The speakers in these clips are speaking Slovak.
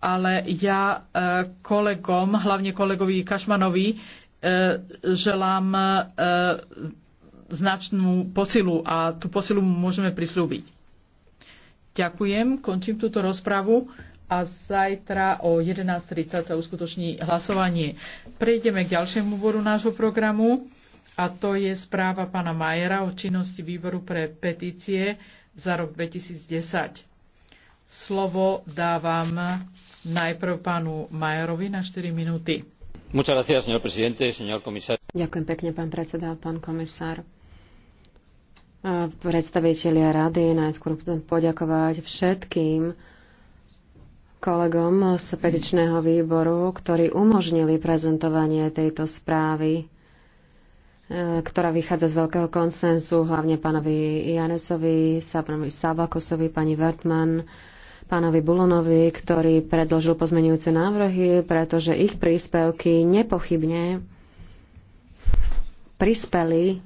ale ja e, kolegom, hlavne kolegovi Kašmanovi, e, želám e, značnú posilu a tú posilu mu môžeme prislúbiť. Ďakujem, končím túto rozpravu a zajtra o 11.30 sa uskutoční hlasovanie. Prejdeme k ďalšiemu bodu nášho programu a to je správa pána Majera o činnosti výboru pre petície za rok 2010. Slovo dávam najprv pánu Majerovi na 4 minúty. Ďakujem pekne, pán predseda, pán komisár. Predstaviteľia rady najskôr chcem poďakovať všetkým kolegom z petičného výboru, ktorí umožnili prezentovanie tejto správy e, ktorá vychádza z veľkého konsensu, hlavne pánovi Janesovi, pánovi Sabakosovi, pani Wertmann, pánovi Bulonovi, ktorý predložil pozmenujúce návrhy, pretože ich príspevky nepochybne prispeli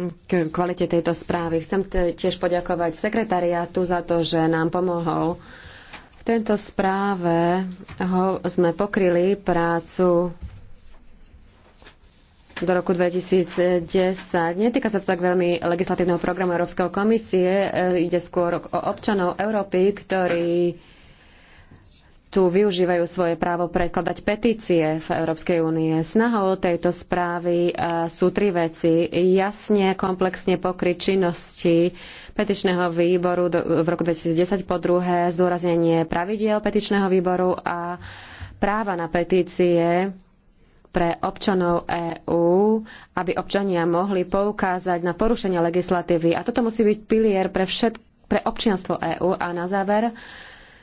k kvalite tejto správy. Chcem tiež poďakovať sekretariátu za to, že nám pomohol. V tejto správe ho sme pokryli prácu do roku 2010. Netýka sa to tak veľmi legislatívneho programu Európskej komisie, e, ide skôr o občanov Európy, ktorí tu využívajú svoje právo predkladať petície v Európskej únie. Snahou tejto správy e, sú tri veci. Jasne, komplexne pokryť činnosti petičného výboru v roku 2010, po druhé zdôraznenie pravidiel petičného výboru a práva na petície pre občanov EÚ, aby občania mohli poukázať na porušenie legislatívy. A toto musí byť pilier pre, všet, pre občianstvo EÚ. A na záver,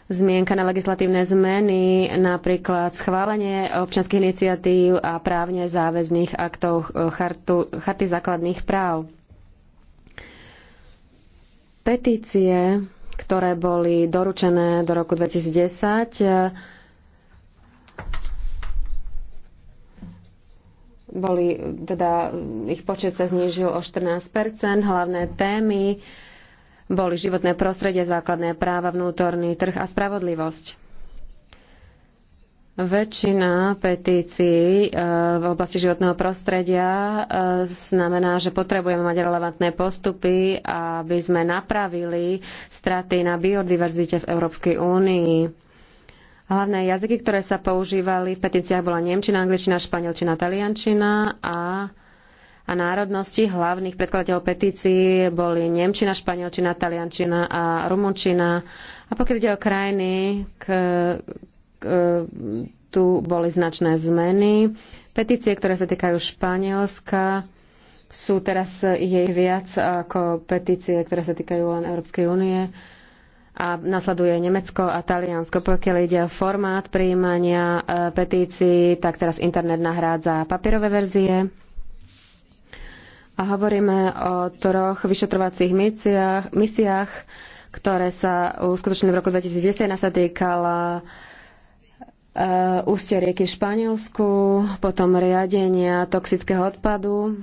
zmienka na legislatívne zmeny, napríklad schválenie občianských iniciatív a právne záväzných aktov e, chartu, Charty základných práv. Petície, ktoré boli doručené do roku 2010, boli, teda ich počet sa znížil o 14 Hlavné témy boli životné prostredie, základné práva, vnútorný trh a spravodlivosť. Väčšina petícií eh, v oblasti životného prostredia eh, znamená, že potrebujeme mať relevantné postupy, aby sme napravili straty na biodiverzite v Európskej únii Hlavné jazyky, ktoré sa používali v petíciách, bola nemčina, angličina, španielčina, taliančina a, a národnosti hlavných predkladateľov petícií boli nemčina, španielčina, taliančina a rumunčina. A pokiaľ ide o krajiny, k, k, tu boli značné zmeny. Petície, ktoré sa týkajú Španielska, sú teraz jej viac ako petície, ktoré sa týkajú len Európskej únie a nasleduje Nemecko a Taliansko. Pokiaľ ide o formát prijímania e, petícií, tak teraz internet nahrádza papierové verzie. A hovoríme o troch vyšetrovacích misiách, misiách ktoré sa uskutočnili v roku 2010. Jedna sa týkala e, ústie rieky v Španielsku, potom riadenia toxického odpadu,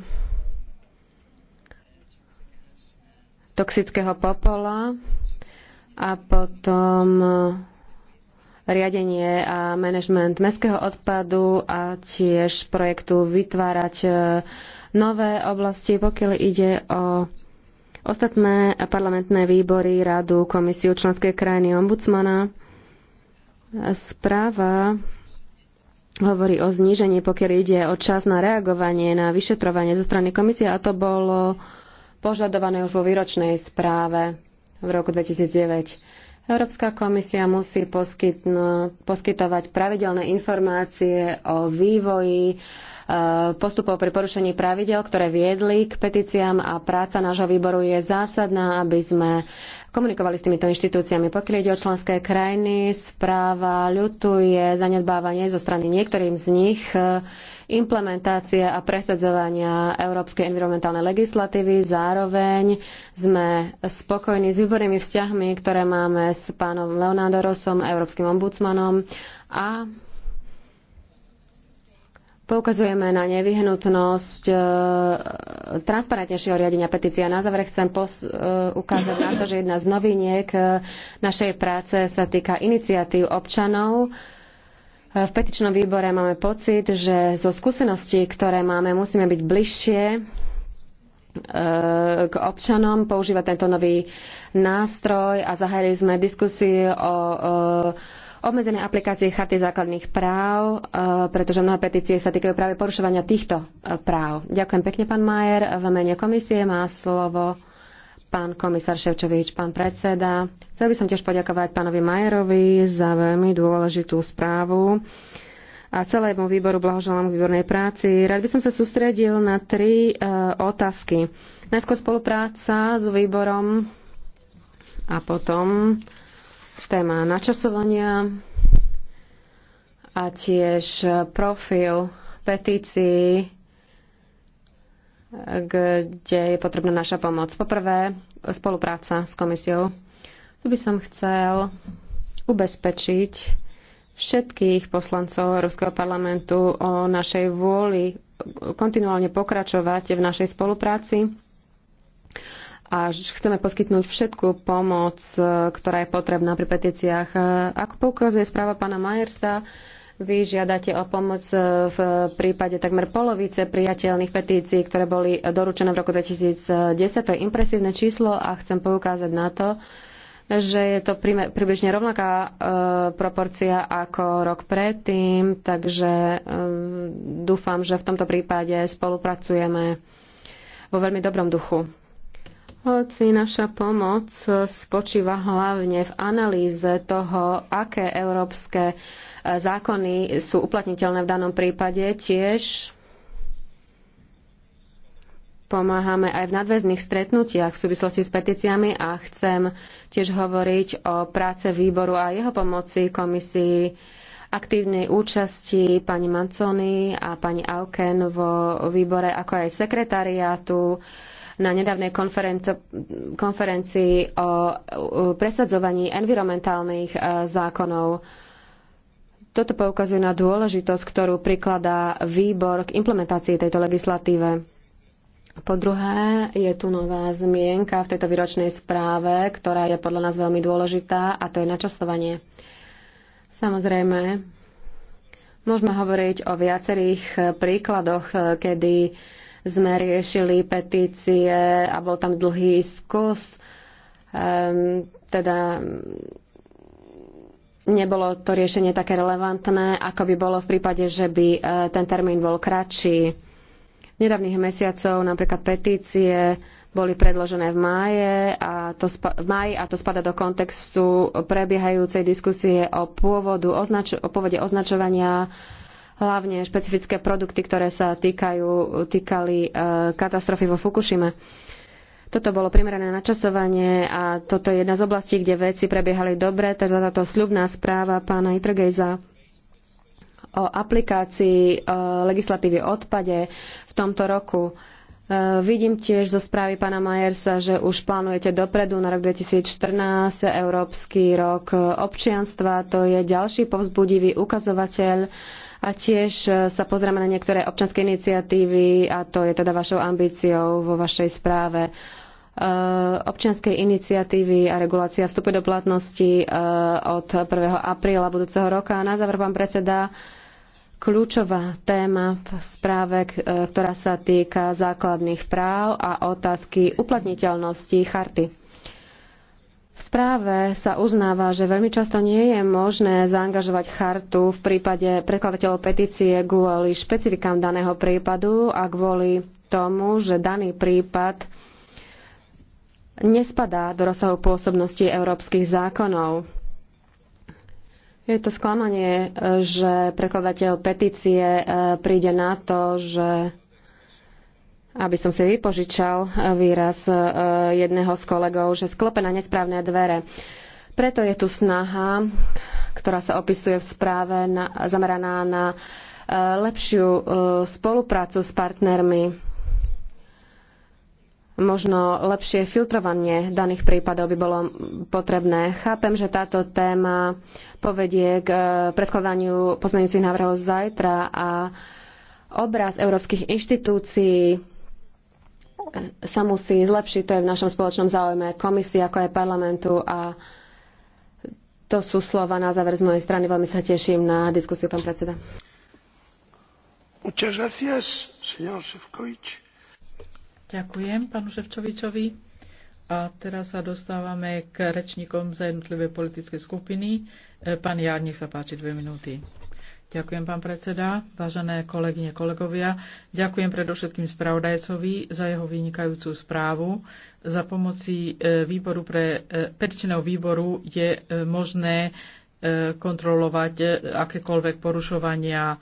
toxického popola a potom e, riadenie a manažment mestského odpadu a tiež projektu vytvárať e, nové oblasti, pokiaľ ide o ostatné parlamentné výbory, radu, komisiu, členské krajiny, ombudsmana. Správa hovorí o znížení, pokiaľ ide o čas na reagovanie, na vyšetrovanie zo strany komisie a to bolo požadované už vo výročnej správe v roku 2009. Európska komisia musí poskytovať pravidelné informácie o vývoji e, postupov pri porušení pravidel, ktoré viedli k petíciám a práca nášho výboru je zásadná, aby sme komunikovali s týmito inštitúciami. Pokiaľ ide o členské krajiny, správa ľutuje zanedbávanie zo strany niektorým z nich e, implementácie a presadzovania európskej environmentálnej legislatívy. Zároveň sme spokojní s výbornými vzťahmi, ktoré máme s pánom Rosom, európskym ombudsmanom a Poukazujeme na nevyhnutnosť e, transparentnejšieho riadenia petície. A na záver chcem pos, e, ukázať na to, že jedna z noviniek e, našej práce sa týka iniciatív občanov, e, v petičnom výbore máme pocit, že zo skúseností, ktoré máme, musíme byť bližšie e, k občanom, používať tento nový nástroj a zahájili sme diskusiu o obmedzenej aplikácii chaty základných práv, e, pretože mnohé petície sa týkajú práve porušovania týchto e, práv. Ďakujem pekne, pán Majer. V mene komisie má slovo pán komisár Ševčovič, pán predseda. Chcel by som tiež poďakovať pánovi Majerovi za veľmi dôležitú správu a celému výboru blahoželám k výbornej práci. Rád by som sa sústredil na tri e, otázky. Najskôr spolupráca s výborom a potom téma načasovania a tiež profil petícií kde je potrebná naša pomoc. Poprvé, spolupráca s komisiou. Tu by som chcel ubezpečiť všetkých poslancov Európskeho parlamentu o našej vôli kontinuálne pokračovať v našej spolupráci a chceme poskytnúť všetku pomoc, ktorá je potrebná pri petíciách. Ako poukazuje správa pána Majersa, vy žiadate o pomoc e, v prípade takmer polovice priateľných petícií, ktoré boli doručené v roku 2010. To je impresívne číslo a chcem poukázať na to, že je to približne rovnaká e, proporcia ako rok predtým, takže e, dúfam, že v tomto prípade spolupracujeme vo veľmi dobrom duchu. Hoci naša pomoc spočíva hlavne v analýze toho, aké európske zákony sú uplatniteľné v danom prípade. Tiež pomáhame aj v nadväzných stretnutiach v súvislosti s petíciami a chcem tiež hovoriť o práce výboru a jeho pomoci komisii aktívnej účasti pani Mancony a pani Auken vo výbore, ako aj sekretariátu na nedávnej konferencii o presadzovaní environmentálnych e, zákonov. Toto poukazuje na dôležitosť, ktorú prikladá výbor k implementácii tejto legislatíve. Po druhé, je tu nová zmienka v tejto výročnej správe, ktorá je podľa nás veľmi dôležitá, a to je načasovanie. Samozrejme, môžeme hovoriť o viacerých príkladoch, kedy sme riešili petície a bol tam dlhý skus. Ehm, teda nebolo to riešenie také relevantné, ako by bolo v prípade, že by e, ten termín bol kratší. V nedávnych mesiacov napríklad petície boli predložené v máje a to, spa- v máji a to spada do kontextu prebiehajúcej diskusie o, pôvodu, označ- o pôvode označovania hlavne špecifické produkty, ktoré sa týkajú, týkali e, katastrofy vo Fukushime. Toto bolo primerané načasovanie a toto je jedna z oblastí, kde veci prebiehali dobre, takže teda táto sľubná správa pána Itrgejza o aplikácii e, legislatívy o odpade v tomto roku. E, vidím tiež zo správy pána Majersa, že už plánujete dopredu na rok 2014 Európsky rok občianstva. To je ďalší povzbudivý ukazovateľ a tiež e, sa pozrieme na niektoré občanské iniciatívy a to je teda vašou ambíciou vo vašej správe e, občianskej iniciatívy a regulácia vstupy do platnosti e, od 1. apríla budúceho roka. Na záver, pán predseda, kľúčová téma v správe, ktorá sa týka základných práv a otázky uplatniteľnosti charty. V správe sa uznáva, že veľmi často nie je možné zaangažovať chartu v prípade prekladateľov petície kvôli špecifikám daného prípadu a kvôli tomu, že daný prípad nespadá do rozsahu pôsobnosti európskych zákonov. Je to sklamanie, že prekladateľ petície e, príde na to, že aby som si vypožičal eh, výraz eh, jedného z kolegov, že sklope na nesprávne dvere. Preto je tu snaha, ktorá sa opisuje v správe, na, zameraná na eh, lepšiu spoluprácu s partnermi, možno lepšie filtrovanie daných prípadov by bolo potrebné. Chápem, že táto téma povedie k predkladaniu pozmeňujúcich návrhov zajtra a obraz európskych inštitúcií sa musí zlepšiť, to je v našom spoločnom záujme komisie, ako aj parlamentu a to sú slova na záver z mojej strany. Veľmi sa teším na diskusiu, pán predseda. Ďakujem pánu Ševčovičovi. A teraz sa dostávame k rečníkom za jednotlivé politické skupiny. E, pán Jár, nech sa páči dve minúty. Ďakujem, pán predseda, vážené kolegyne, kolegovia. Ďakujem predovšetkým spravodajcovi za jeho vynikajúcu správu. Za pomoci e, výboru pre, e, petičného výboru je e, možné kontrolovať akékoľvek porušovania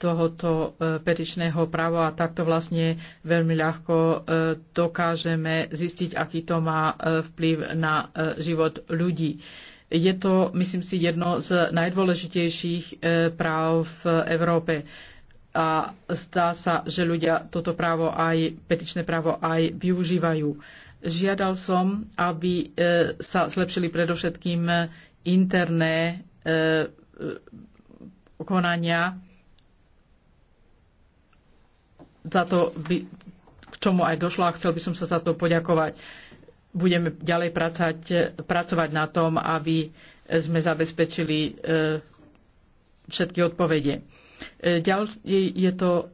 tohoto petičného práva a takto vlastne veľmi ľahko dokážeme zistiť, aký to má vplyv na život ľudí. Je to, myslím si, jedno z najdôležitejších e, práv v Európe. A zdá sa, že ľudia toto právo aj, petičné právo aj využívajú. Žiadal som, aby e, sa zlepšili predovšetkým e, interné konania. Za to by, k čomu aj došlo a chcel by som sa za to poďakovať budeme ďalej pracovať, pracovať na tom, aby sme zabezpečili e, všetky odpovede. E, ďalej je to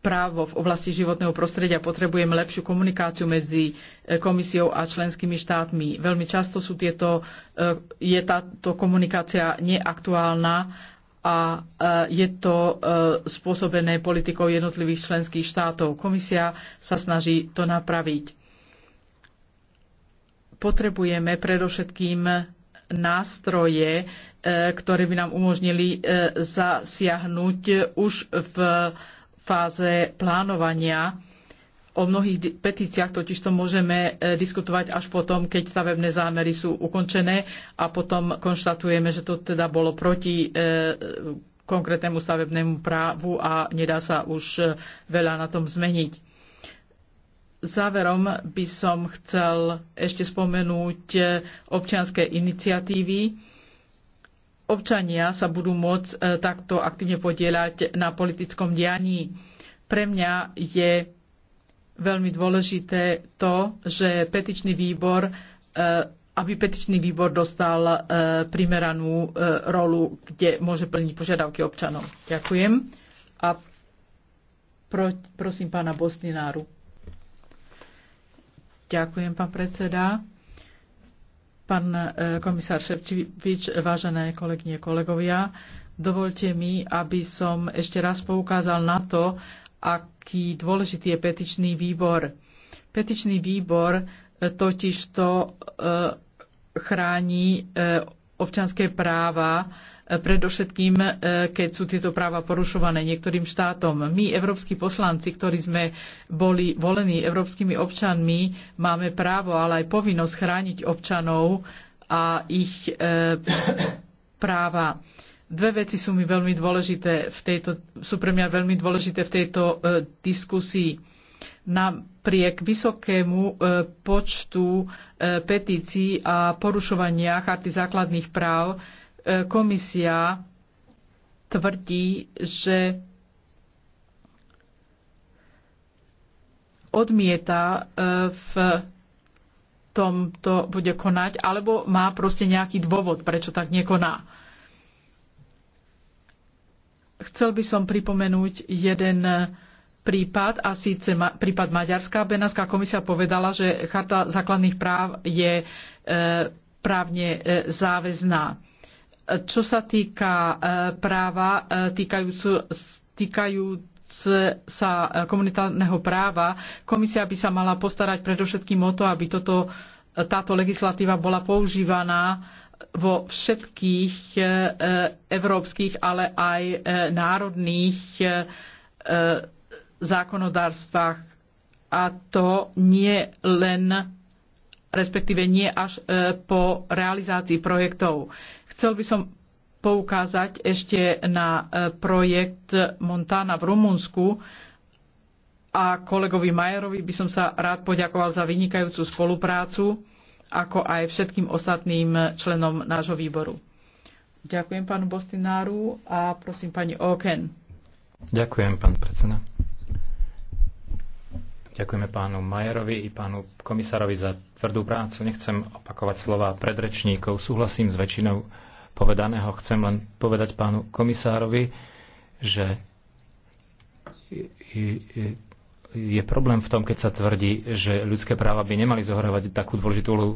právo v oblasti životného prostredia. Potrebujeme lepšiu komunikáciu medzi e, komisiou a členskými štátmi. Veľmi často sú tieto, je táto komunikácia neaktuálna a e, je to e, spôsobené politikou jednotlivých členských štátov. Komisia sa snaží to napraviť. Potrebujeme predovšetkým nástroje, e, ktoré by nám umožnili zasiahnuť už v fáze plánovania O mnohých petíciách totiž to môžeme e, diskutovať až potom, keď stavebné zámery sú ukončené a potom konštatujeme, že to teda bolo proti e, konkrétnemu stavebnému právu a nedá sa už e, veľa na tom zmeniť. Záverom by som chcel ešte spomenúť občianské iniciatívy občania sa budú môcť takto aktívne podieľať na politickom dianí. Pre mňa je veľmi dôležité to, že petičný výbor eh, aby petičný výbor dostal eh, primeranú eh, rolu, kde môže plniť požiadavky občanov. Ďakujem. A prosím pána Bostináru. Ďakujem, pán predseda. Pán komisár Ševčevič, vážené kolegyne, kolegovia, dovolte mi, aby som ešte raz poukázal na to, aký dôležitý je petičný výbor. Petičný výbor e, totiž to e, chráni e, občanské práva, predovšetkým, keď sú tieto práva porušované niektorým štátom. My, európsky poslanci, ktorí sme boli volení európskymi občanmi, máme právo, ale aj povinnosť chrániť občanov a ich práva. Dve veci sú mi veľmi dôležité v tejto, sú pre mňa veľmi dôležité v tejto e, diskusii. Napriek vysokému e, počtu e, petícií a porušovania charty základných práv e, komisia tvrdí, že odmieta e, v tomto bude konať, alebo má proste nejaký dôvod, prečo tak nekoná. Chcel by som pripomenúť jeden eh, prípad, a síce ma, prípad Maďarská. Benátska komisia povedala, že Charta základných práv je e, právne e, záväzná. Čo sa týka e, práva týkajúcu, týkajúc sa komunitárneho práva, komisia by sa mala postarať predovšetkým o to, aby toto, táto legislatíva bola používaná vo všetkých e, e, európskych, ale aj e, národných zákonodárstvách. A to nie len respektíve nie až po realizácii projektov. Chcel by som poukázať ešte na projekt Montana v Rumunsku a kolegovi Majerovi by som sa rád poďakoval za vynikajúcu spoluprácu ako aj všetkým ostatným členom nášho výboru. Ďakujem pánu Bostináru a prosím pani Oken. Ďakujem, pán predseda. Ďakujeme pánu Majerovi i pánu komisárovi za tvrdú prácu. Nechcem opakovať slova predrečníkov. Súhlasím s väčšinou povedaného. Chcem len povedať pánu komisárovi, že je problém v tom, keď sa tvrdí, že ľudské práva by nemali zohrávať takú dôležitú úlohu.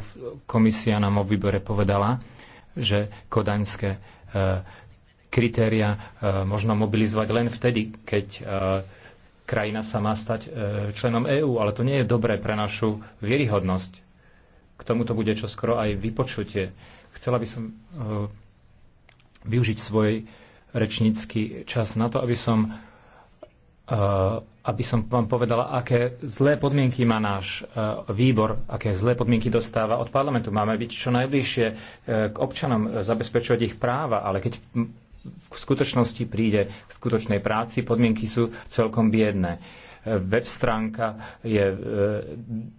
Komisia nám o výbore povedala, že kodaňské e, kritéria e, možno mobilizovať len vtedy, keď e, krajina sa má stať členom EÚ, ale to nie je dobré pre našu vieryhodnosť. K tomuto bude čoskoro aj vypočutie. Chcela by som využiť svoj rečnícky čas na to, aby som aby som vám povedala, aké zlé podmienky má náš e, výbor, aké zlé podmienky dostáva od parlamentu. Máme byť čo najbližšie e, k občanom, e, zabezpečovať ich práva, ale keď v skutočnosti príde k skutočnej práci, podmienky sú celkom biedné. Web stránka je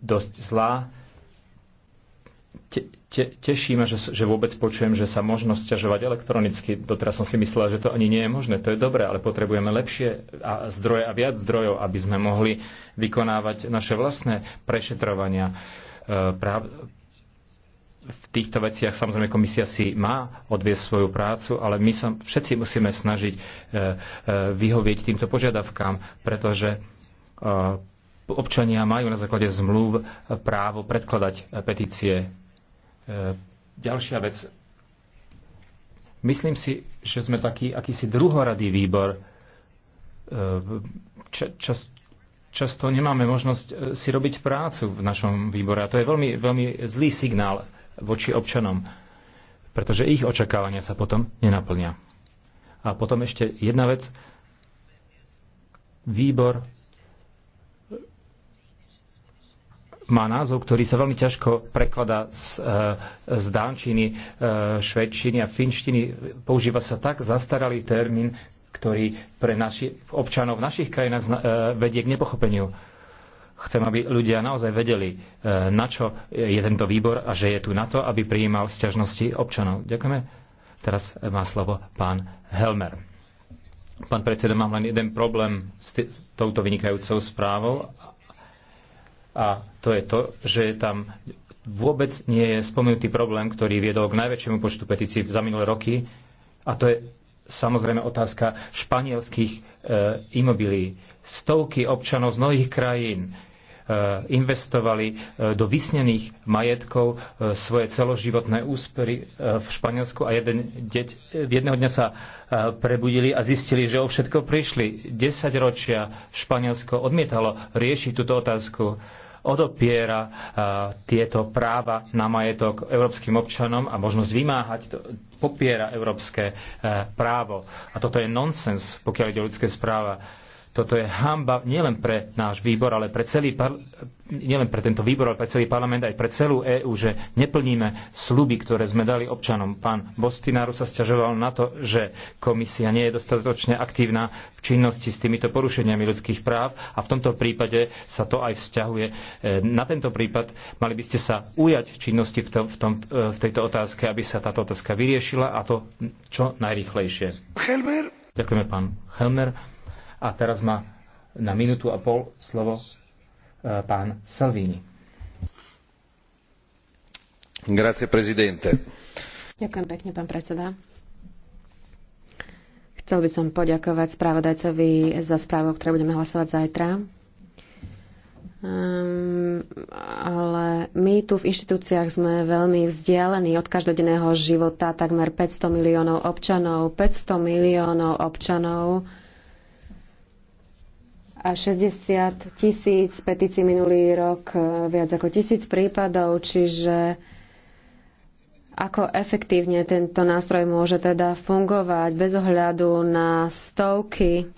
dosť zlá, te, te, teší ma, že, že vôbec počujem, že sa možno sťažovať elektronicky. Doteraz som si myslela, že to ani nie je možné. To je dobré, ale potrebujeme lepšie a zdroje a viac zdrojov, aby sme mohli vykonávať naše vlastné prešetrovania. E, práv, v týchto veciach samozrejme komisia si má odviesť svoju prácu, ale my sa všetci musíme snažiť e, e, vyhovieť týmto požiadavkám, pretože e, občania majú na základe zmluv právo predkladať petície E, ďalšia vec. Myslím si, že sme taký akýsi druhoradý výbor. E, čas, často nemáme možnosť e, si robiť prácu v našom výbore a to je veľmi, veľmi zlý signál voči občanom, pretože ich očakávania sa potom nenaplnia. A potom ešte jedna vec. Výbor má názov, ktorý sa veľmi ťažko prekladá z, e, z dánčiny, e, švedčiny a finštiny. Používa sa tak zastaralý termín, ktorý pre naši, občanov v našich krajinách e, vedie k nepochopeniu. Chcem, aby ľudia naozaj vedeli, na čo je tento výbor a že je tu na to, aby prijímal sťažnosti občanov. Ďakujeme. Teraz má slovo pán Helmer. Pán predseda, mám len jeden problém s, s touto vynikajúcou správou a to je to, že tam vôbec nie je spomenutý problém, ktorý viedol k najväčšiemu počtu petícií za minulé roky. A to je samozrejme otázka španielských e, imobilí. Stovky občanov z mnohých krajín e, investovali e, do vysnených majetkov e, svoje celoživotné úspery e, v Španielsku a jeden deť, e, jedného dňa sa e, prebudili a zistili, že o všetko prišli. Desaťročia Španielsko odmietalo riešiť túto otázku. E, odopiera tieto práva na majetok európskym občanom a možnosť vymáhať to, popiera európske e, právo. A toto je nonsens, pokiaľ ide o ľudské správa toto je hamba nielen pre náš výbor, ale pre celý par- nielen pre tento výbor, ale pre celý parlament, aj pre celú EÚ, že neplníme sluby, ktoré sme dali občanom. Pán Bostináru sa stiažoval na to, že komisia nie je dostatočne aktívna v činnosti s týmito porušeniami ľudských práv a v tomto prípade sa to aj vzťahuje. E, na tento prípad mali by ste sa ujať činnosti v, tom, v, tom, e, v tejto otázke, aby sa táto otázka vyriešila a to čo najrychlejšie. Helmer. Ďakujeme, pán Helmer. A teraz má na minútu a pol slovo e, pán Salvini. Grazie, prezidente. Ďakujem pekne, pán predseda. Chcel by som poďakovať správodajcovi za správu, ktoré budeme hlasovať zajtra. Um, ale my tu v inštitúciách sme veľmi vzdialení od každodenného života takmer 500 miliónov občanov. 500 miliónov občanov a 60 tisíc petícií minulý rok, e, viac ako tisíc prípadov, čiže ako efektívne tento nástroj môže teda fungovať bez ohľadu na stovky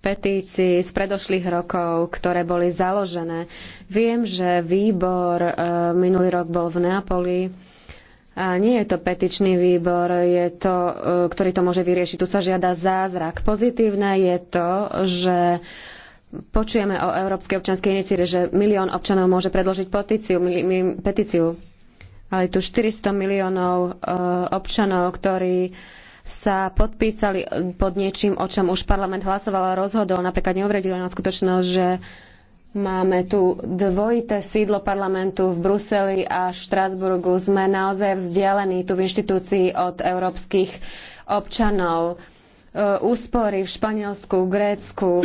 petícií z predošlých rokov, ktoré boli založené. Viem, že výbor e, minulý rok bol v Neapoli a nie je to petičný výbor, je to, e, ktorý to môže vyriešiť. Tu sa žiada zázrak. Pozitívne je to, že počujeme o Európskej občanskej iniciatíve, že milión občanov môže predložiť petíciu, petíciu. Ale tu 400 miliónov e, občanov, ktorí sa podpísali pod niečím, o čom už parlament hlasoval a rozhodol. Napríklad neuvredili na skutočnosť, že Máme tu dvojité sídlo parlamentu v Bruseli a Štrasburgu. Sme naozaj vzdialení tu v inštitúcii od európskych občanov. E, úspory v Španielsku, Grécku, e,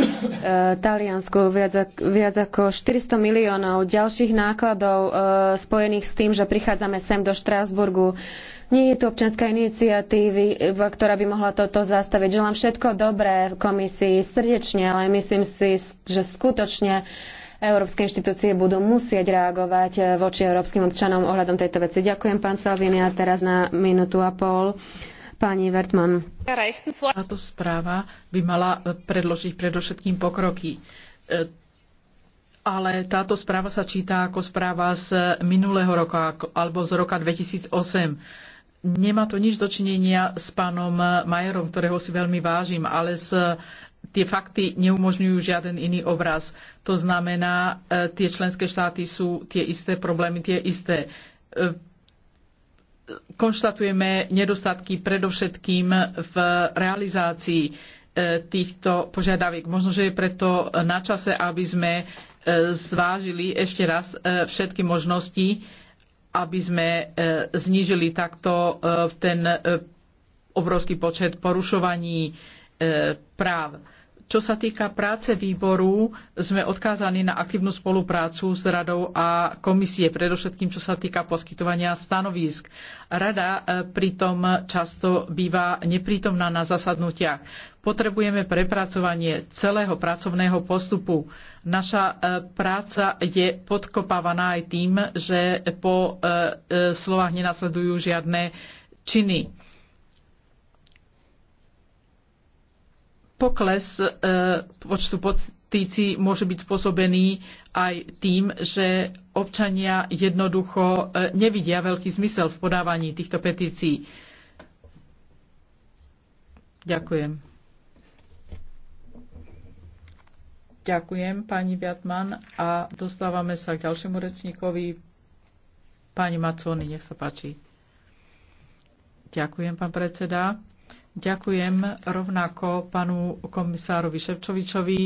Taliansku viac, viac ako 400 miliónov ďalších nákladov e, spojených s tým, že prichádzame sem do Štrásburgu. Nie je tu občianská iniciatívy, ktorá by mohla toto zastaviť. Želám všetko dobré v komisii srdečne, ale myslím si, že skutočne Európske inštitúcie budú musieť reagovať eh, voči európskym občanom ohľadom tejto veci. Ďakujem, pán Salvini, a teraz na minútu a pol. Pani Vertman. Táto správa by mala eh, predložiť predovšetkým pokroky. Eh, ale táto správa sa číta ako správa z minulého roka alebo z roka 2008. Nemá to nič dočinenia s pánom Majerom, ktorého si veľmi vážim, ale s tie fakty neumožňujú žiaden iný obraz. To znamená, e, tie členské štáty sú tie isté problémy, tie isté. E, konštatujeme nedostatky predovšetkým v realizácii e, týchto požiadaviek. Možno, že je preto na čase, aby sme zvážili ešte raz všetky možnosti, aby sme znížili takto ten obrovský počet porušovaní E, práv. Čo sa týka práce výboru, sme odkázaní na aktívnu spoluprácu s radou a komisie, predovšetkým čo sa týka poskytovania stanovísk. Rada e, pritom často býva neprítomná na zasadnutiach. Potrebujeme prepracovanie celého pracovného postupu. Naša e, práca je podkopávaná aj tým, že po slovách nenasledujú žiadne činy Pokles e, počtu petícií môže byť spôsobený aj tým, že občania jednoducho e, nevidia veľký zmysel v podávaní týchto petícií. Ďakujem. Ďakujem, pani Viatman. A dostávame sa k ďalšiemu rečníkovi. Pani Maconi, nech sa páči. Ďakujem, pán predseda. Ďakujem rovnako panu komisárovi Ševčovičovi,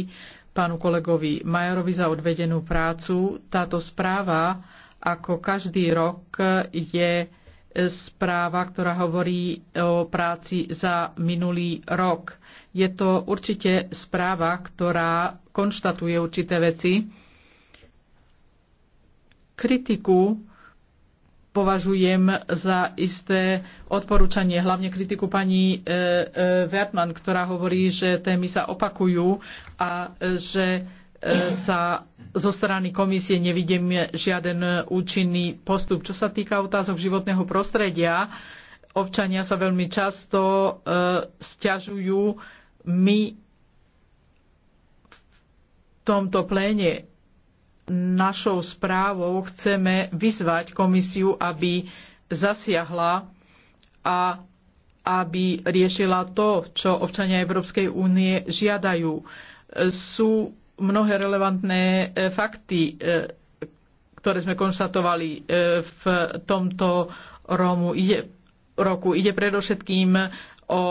panu kolegovi Majerovi za odvedenú prácu. Táto správa, ako každý rok, je správa, ktorá hovorí o práci za minulý rok. Je to určite správa, ktorá konštatuje určité veci. Kritiku považujem za isté odporúčanie, hlavne kritiku pani e, e, Wertmann, ktorá hovorí, že témy sa opakujú a že e, sa zo strany komisie nevidím žiaden účinný postup. Čo sa týka otázok životného prostredia, občania sa veľmi často sťažujú. My v tomto pléne Našou správou chceme vyzvať komisiu, aby zasiahla a aby riešila to, čo občania Európskej únie žiadajú. Sú mnohé relevantné e, fakty, e, ktoré sme konštatovali e, v tomto Rómu. Ide, roku. Ide predovšetkým o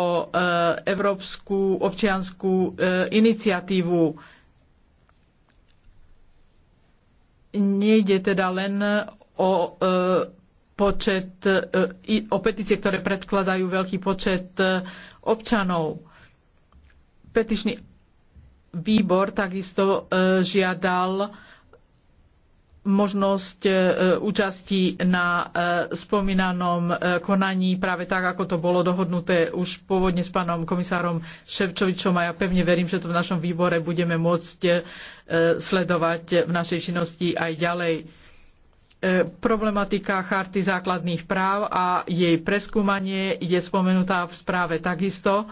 Európsku občiansku iniciatívu nejde teda len o e, počet, e, o petície, ktoré predkladajú veľký počet e, občanov. Petičný výbor takisto žiadal možnosť e, účasti na e, spomínanom e, konaní, práve tak, ako to bolo dohodnuté už pôvodne s pánom komisárom Ševčovičom a ja pevne verím, že to v našom výbore budeme môcť sledovať v našej činnosti aj ďalej. Problematika charty základných práv a jej preskúmanie je spomenutá v správe takisto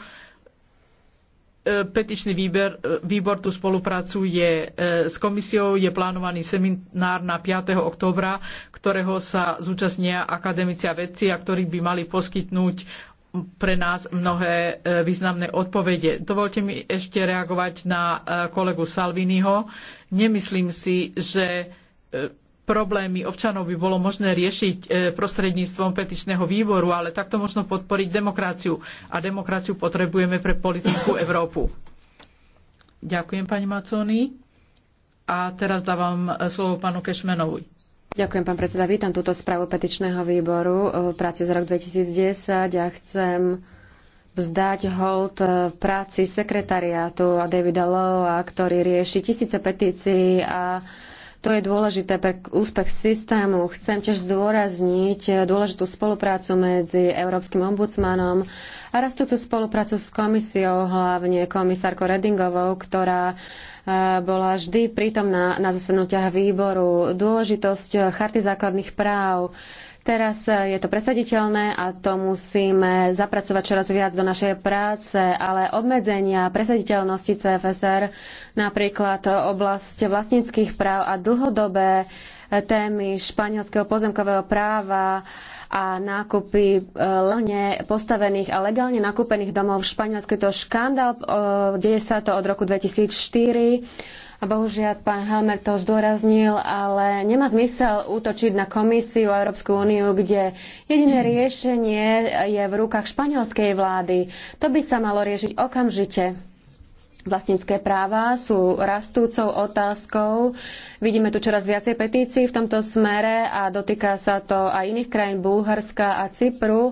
E, petičný výber, e, výbor tu spolupracuje e, s komisiou. Je plánovaný seminár na 5. októbra, ktorého sa zúčastnia akademici a vedci a ktorí by mali poskytnúť pre nás mnohé významné odpovede. Dovolte mi ešte reagovať na kolegu Salviniho. Nemyslím si, že problémy občanov by bolo možné riešiť e, prostredníctvom petičného výboru, ale takto možno podporiť demokraciu. A demokraciu potrebujeme pre politickú Európu. Ďakujem, pani Maconi. A teraz dávam e, slovo pánu Kešmenovi. Ďakujem, pán predseda. Vítam túto správu petičného výboru e, práce za rok 2010. Ja chcem vzdať hold práci sekretariátu a Davida Lowa, ktorý rieši tisíce petícií a to je dôležité pre úspech systému. Chcem tiež zdôrazniť dôležitú spoluprácu medzi Európskym ombudsmanom a rastúcu spoluprácu s komisiou, hlavne komisárkou Redingovou, ktorá e, bola vždy prítomná na zasadnutiach výboru. Dôležitosť charty základných práv Teraz e, je to presaditeľné a to musíme zapracovať čoraz viac do našej práce, ale obmedzenia presaditeľnosti CFSR, napríklad oblasť vlastníckých práv a dlhodobé e, témy španielského pozemkového práva a nákupy e, lene postavených a legálne nakúpených domov v Španielsku. Je to škandál, deje sa to od roku 2004 a bohužiaľ, pán Halmer to zdôraznil, ale nemá zmysel útočiť na komisiu a Európsku úniu, kde jediné riešenie je v rukách španielskej vlády. To by sa malo riešiť okamžite. Vlastnícke práva sú rastúcou otázkou. Vidíme tu čoraz viacej petícií v tomto smere a dotýka sa to aj iných krajín Bulharska a Cypru.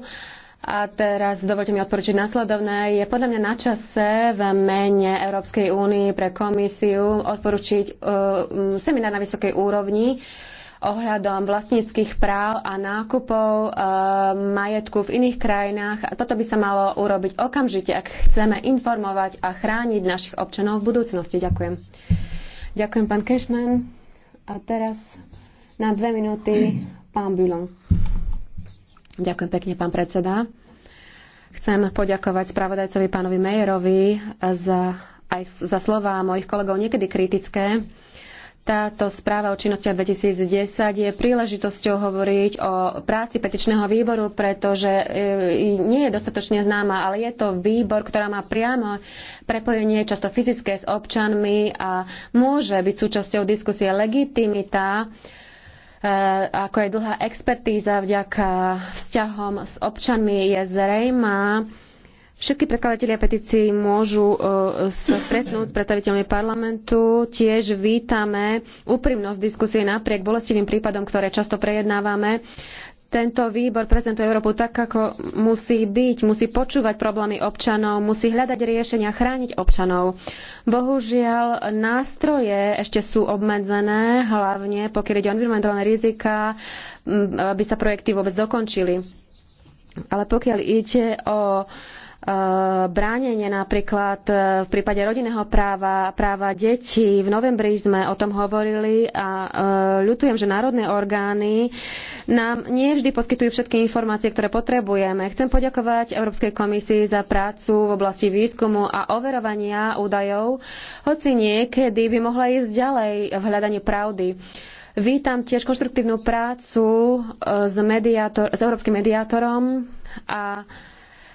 A teraz dovolte mi odporučiť následovné. Je podľa mňa na čase v mene Európskej únie pre komisiu odporučiť uh, seminár na vysokej úrovni ohľadom vlastníckých práv a nákupov e, majetku v iných krajinách. A toto by sa malo urobiť okamžite, ak chceme informovať a chrániť našich občanov v budúcnosti. Ďakujem. Ďakujem, pán Kešman. A teraz na dve minúty pán Bülon. Ďakujem pekne, pán predseda. Chcem poďakovať spravodajcovi pánovi Mejerovi za, aj za slova mojich kolegov niekedy kritické. Táto správa o činnosti 2010 je príležitosťou hovoriť o práci petičného výboru, pretože e, nie je dostatočne známa, ale je to výbor, ktorá má priamo prepojenie často fyzické s občanmi a môže byť súčasťou diskusie legitimita Eh, ako aj dlhá expertíza vďaka vzťahom s občanmi je zrejmá. Všetky predkladatelia petícií môžu eh, sa stretnúť s predstaviteľmi parlamentu. Tiež vítame úprimnosť diskusie napriek bolestivým prípadom, ktoré často prejednávame. Tento výbor prezentuje Európu tak, ako musí byť, musí počúvať problémy občanov, musí hľadať riešenia, chrániť občanov. Bohužiaľ, nástroje ešte sú obmedzené, hlavne pokiaľ ide o environmentálne rizika, aby sa projekty vôbec dokončili. Ale pokiaľ ide o Eh, bránenie napríklad eh, v prípade rodinného práva, práva detí. V novembri sme o tom hovorili a eh, ľutujem, že národné orgány nám nie vždy poskytujú všetky informácie, ktoré potrebujeme. Chcem poďakovať Európskej komisii za prácu v oblasti výskumu a overovania údajov, hoci niekedy by mohla ísť ďalej v hľadaní pravdy. Vítam tiež konštruktívnu prácu s, mediátor, s európskym mediátorom a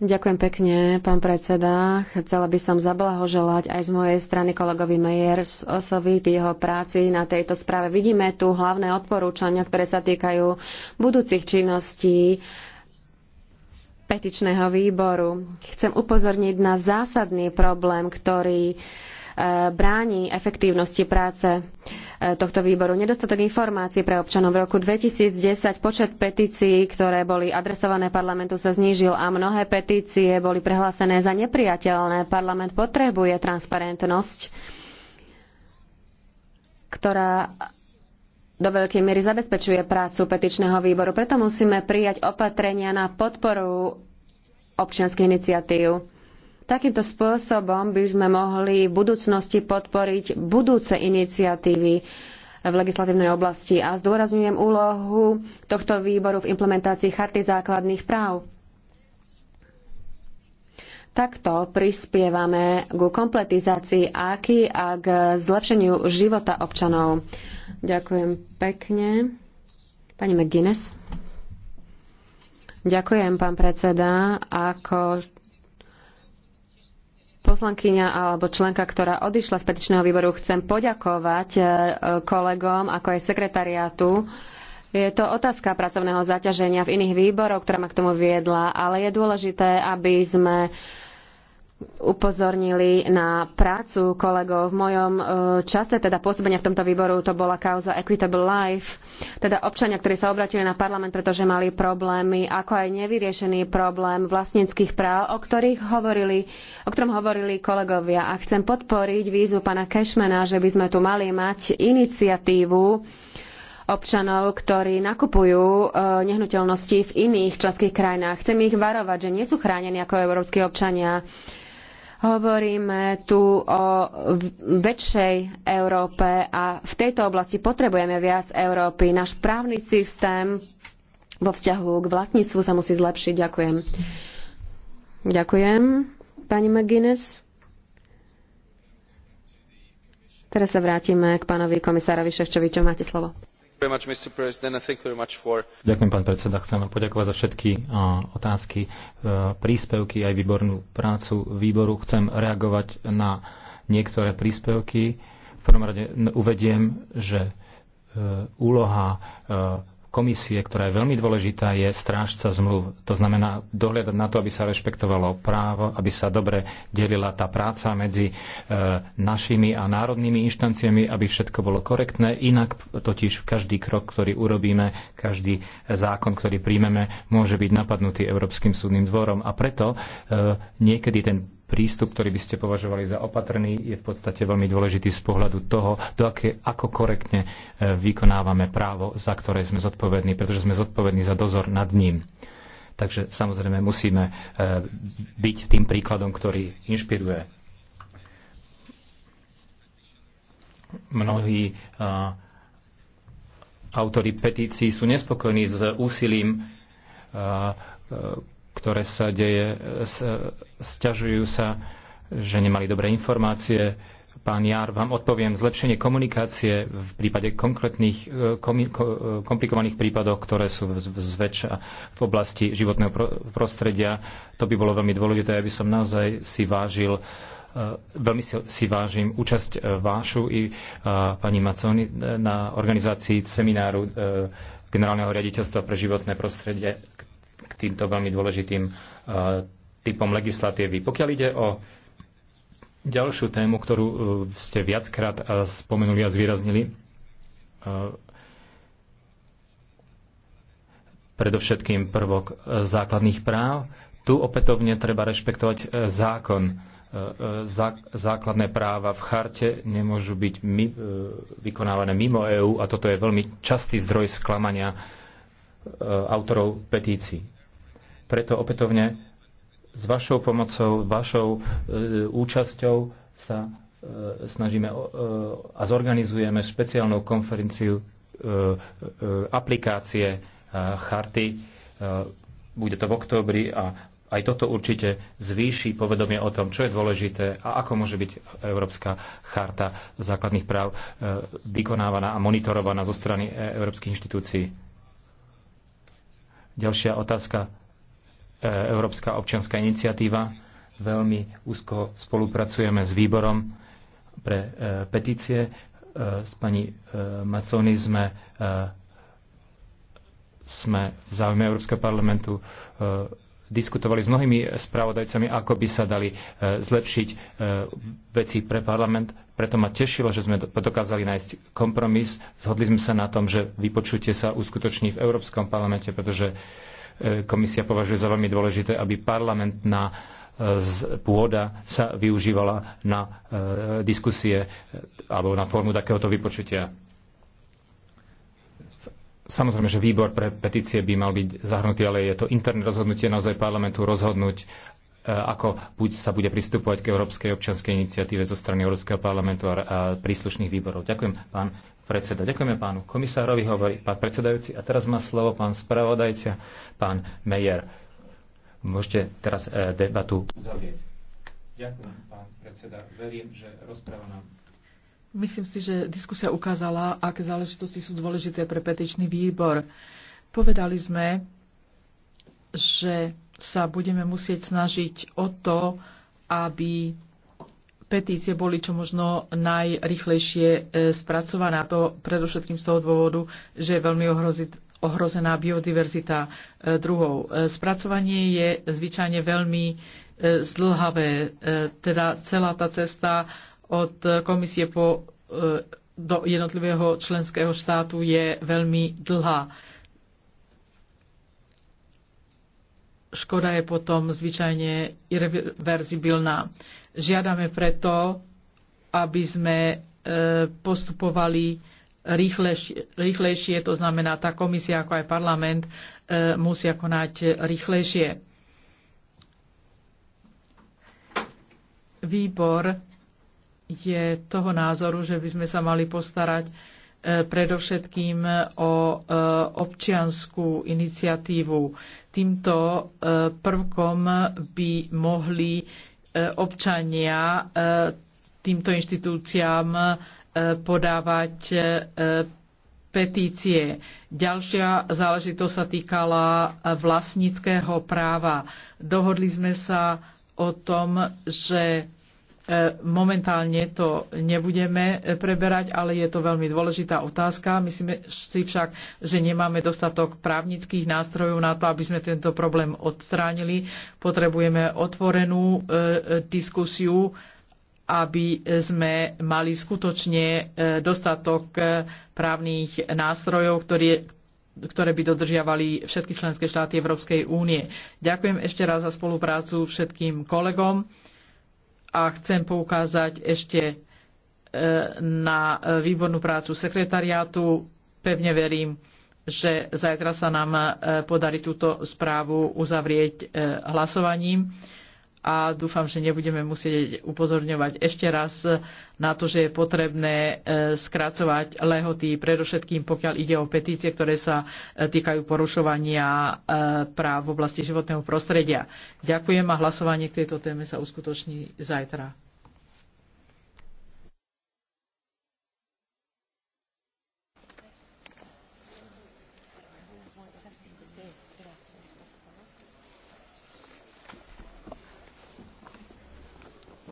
Ďakujem pekne, pán predseda. Chcela by som zablahoželať aj z mojej strany kolegovi Mejersovi k jeho práci na tejto správe. Vidíme tu hlavné odporúčania, ktoré sa týkajú budúcich činností petičného výboru. Chcem upozorniť na zásadný problém, ktorý bráni efektívnosti práce eh, tohto výboru. Nedostatok informácií pre občanov v roku 2010, počet petícií, ktoré boli adresované parlamentu, sa znížil a mnohé petície boli prehlásené za neprijateľné. Parlament potrebuje transparentnosť, ktorá do veľkej miery zabezpečuje prácu petičného výboru. Preto musíme prijať opatrenia na podporu občianskych iniciatív. Takýmto spôsobom by sme mohli v budúcnosti podporiť budúce iniciatívy v legislatívnej oblasti a zdôrazňujem úlohu tohto výboru v implementácii Charty základných práv. Takto prispievame ku kompletizácii AKI a k zlepšeniu života občanov. Ďakujem pekne. Pani McGuinness. Ďakujem, pán predseda. Ako poslankyňa alebo členka, ktorá odišla z petičného výboru, chcem poďakovať e, kolegom, ako aj sekretariátu. Je to otázka pracovného zaťaženia v iných výboroch, ktorá ma k tomu viedla, ale je dôležité, aby sme uh, upozornili na prácu kolegov. V mojom e, čase teda pôsobenia v tomto výboru to bola kauza Equitable Life, teda občania, ktorí sa obratili na parlament, pretože mali problémy, ako aj nevyriešený problém vlastníckých práv, o, ktorých hovorili, o ktorom hovorili kolegovia. A chcem podporiť výzvu pána Cashmana, že by sme tu mali mať iniciatívu občanov, ktorí nakupujú e, nehnuteľnosti v iných členských krajinách. Chcem ich varovať, že nie sú chránení ako európsky občania Hovoríme tu o väčšej Európe a v tejto oblasti potrebujeme viac Európy. Náš právny systém vo vzťahu k vlastníctvu sa musí zlepšiť. Ďakujem. Ďakujem, pani McGuinness. Teraz sa vrátime k pánovi komisárovi Ševčovi. máte slovo? Ďakujem, pán predseda. Chcem vám poďakovať za všetky otázky, e, príspevky, aj výbornú prácu výboru. Chcem reagovať na niektoré príspevky. V prvom rade uvediem, že e, úloha e, komisie, ktorá je veľmi dôležitá, je strážca zmluv. To znamená dohľadať na to, aby sa rešpektovalo právo, aby sa dobre delila tá práca medzi e, našimi a národnými inštanciami, aby všetko bolo korektné. Inak totiž každý krok, ktorý urobíme, každý zákon, ktorý príjmeme, môže byť napadnutý Európskym súdnym dvorom. A preto e, niekedy ten prístup, ktorý by ste považovali za opatrný, je v podstate veľmi dôležitý z pohľadu toho, do aké, ako korektne e, vykonávame právo, za ktoré sme zodpovední, pretože sme zodpovední za dozor nad ním. Takže samozrejme musíme e, byť tým príkladom, ktorý inšpiruje. Mnohí e, autory petícií sú nespokojní s úsilím ktoré sa deje, sťažujú sa, že nemali dobré informácie. Pán Jar, vám odpoviem zlepšenie komunikácie v prípade konkrétnych e, e, komplikovaných prípadov, ktoré sú zväčša v oblasti životného prostredia. To by bolo veľmi dôležité, aby som naozaj si vážil e, veľmi si, si vážim účasť vášu i pani Maconi na organizácii semináru Generálneho riaditeľstva pre životné prostredie, k týmto veľmi dôležitým e, typom legislatívy. Pokiaľ ide o ďalšiu tému, ktorú e, ste viackrát e, spomenuli a zvýraznili, predovšetkým prvok základných práv. Tu opätovne treba rešpektovať zákon. Základné práva v charte nemôžu byť vykonávané mimo EÚ a toto je veľmi častý zdroj sklamania autorov petícií. Preto opätovne s vašou pomocou, vašou e, účasťou sa e, snažíme e, a zorganizujeme špeciálnu konferenciu e, e, aplikácie e, charty. E, bude to v októbri a aj toto určite zvýši povedomie o tom, čo je dôležité a ako môže byť Európska charta základných práv e, vykonávaná a monitorovaná zo strany e, európskych inštitúcií. Ďalšia otázka Európska občianská iniciatíva. Veľmi úzko spolupracujeme s výborom pre e, petície. E, s pani e, Maconi sme, sme v záujme Európskeho parlamentu diskutovali s mnohými spravodajcami, ako by sa dali zlepšiť veci pre parlament. Preto ma tešilo, že sme dokázali nájsť kompromis. Zhodli sme sa na tom, že vypočutie sa uskutoční v Európskom parlamente, pretože Komisia považuje za veľmi dôležité, aby parlamentná e, pôda sa využívala na e, diskusie e, alebo na formu takéhoto vypočutia. Samozrejme, že výbor pre petície by mal byť zahrnutý, ale je to interné rozhodnutie naozaj parlamentu rozhodnúť, ako buď sa bude pristupovať k Európskej občianskej iniciatíve zo strany Európskeho parlamentu a príslušných výborov. Ďakujem, pán predseda. Ďakujeme pánu komisárovi, hovorí pán predsedajúci. A teraz má slovo pán spravodajca, pán Mejer. Môžete teraz e, debatu zavrieť. Ďakujem, pán predseda. Verím, že rozpráva nám Myslím si, že diskusia ukázala, aké záležitosti sú dôležité pre petičný výbor. Povedali sme, že sa budeme musieť snažiť o to, aby petície boli čo možno najrychlejšie e, spracované, a to predovšetkým z toho dôvodu, že je veľmi ohrozená biodiverzita e, druhov. E, spracovanie je zvyčajne veľmi zdlhavé, teda celá tá cesta od komisie po, do jednotlivého členského štátu je veľmi dlhá. Škoda je potom zvyčajne irreverzibilná. Žiadame preto, aby sme e, postupovali rýchlejšie, rýchlejšie, to znamená, tá komisia ako aj parlament e, musia konať rýchlejšie. Výbor je toho názoru, že by sme sa mali postarať e, predovšetkým o občianskú iniciatívu. Týmto prvkom by mohli E, občania e, týmto inštitúciám e, podávať petície. Ďalšia záležitosť sa týkala vlastníckého práva. Dohodli sme sa o tom, že E, momentálne to nebudeme e, preberať, ale je to veľmi dôležitá otázka. Myslíme si však, že nemáme dostatok právnických nástrojov na to, aby sme tento problém odstránili. Potrebujeme otvorenú e, diskusiu, aby sme mali skutočne dostatok právnych nástrojov, ktoré, ktoré by dodržiavali všetky členské štáty Európskej únie. Ďakujem ešte raz za spoluprácu všetkým kolegom a chcem poukázať ešte e, na výbornú prácu sekretariátu. Pevne verím, že zajtra sa nám e, podarí túto správu uzavrieť e, hlasovaním a dúfam, že nebudeme musieť upozorňovať ešte raz na to, že je potrebné e, skracovať lehoty, predovšetkým pokiaľ ide o petície, ktoré sa e, týkajú porušovania e, práv v oblasti životného prostredia. Ďakujem a hlasovanie k tejto téme sa uskutoční zajtra.